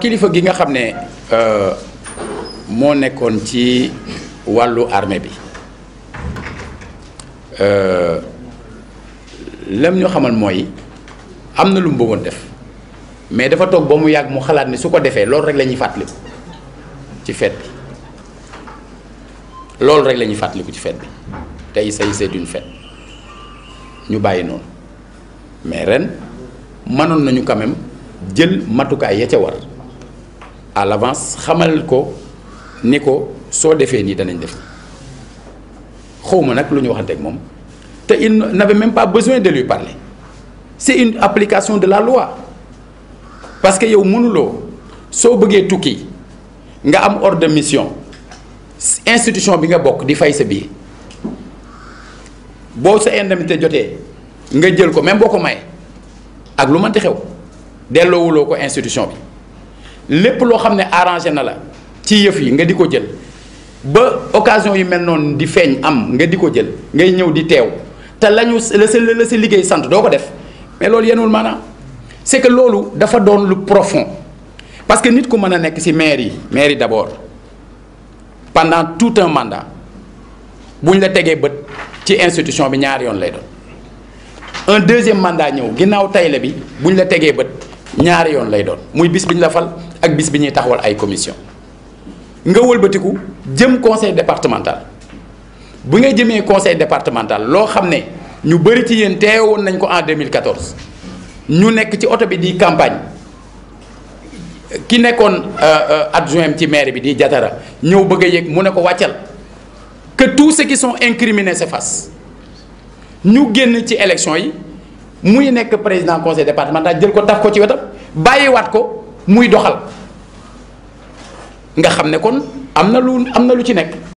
kilifa gi nga xam ne euh, moo nekkoon ci wàllu armée bi euh, lem ñu xamal mooy am na lu mu bëggoon def mais dafa toog ba mu yàgg mu xalaat ne su ko defee loolu rek la ñuy fàttaliku ci fête bi loolu rek la ñuy fàttaliku ci fête bi tey say c'est une fête ñu bàyyi noonu mais ren mënoon nañu quand jël matukaay ya ca war à l'avance xamal ko ni ko soo defee nii danañ def xaw ma nag lu ñu waxante ak moom te il n'avait même pas besoin de lui parler c'est une application de la loi parce que yow mënuloo soo bëggee tukki nga am ordre de mission institution bi nga bokk di fay sa biir boo sa indemité jotee nga jël ko même boo ko may ak lu mënti xew delloowuloo ko institution bi lépp loo xam ne arrangé na la ci yëf yi nga di ko jël ba occasion yi mel noonu di feeñ am nga di ko jël ngay ñëw di teew te lañu la sa la liggéey sant doo ko def mais loolu yenul maanaam c'est que loolu dafa doon lu profond parce que nit ku mën a nekk ci maire yi maire yi d'abord pendant tout un mandat bu ñu la tegee bët ci institution bi ñaari yoon lay doon un deuxième mandat ñëw ginnaaw tay bi bu ñu la tegee bët ñaari yoon lay doon muy bis bi ñu la fal ak bis bi ñuy taxawal ay commission nga wëlbatiku jëm conseil départemental bu nga jëmee conseil départemental loo xam ne ñu bëri ci yéen teewoon nañ ko en 2014 ñu nekk ci oto bi di campagne ki nekkoon euh, euh, adjoint ci maire bi di jatara ñëw bëgg a yëg mu ne ko wàccal que tous ceux qui sont incriminés s'effacent ñu génn ci élection yi muy nekk président conseil départemental jël ko tax ko ci wetam bàyyiwaat ko muy doxal nga xam ne kon am na lu am na lu ci nekk.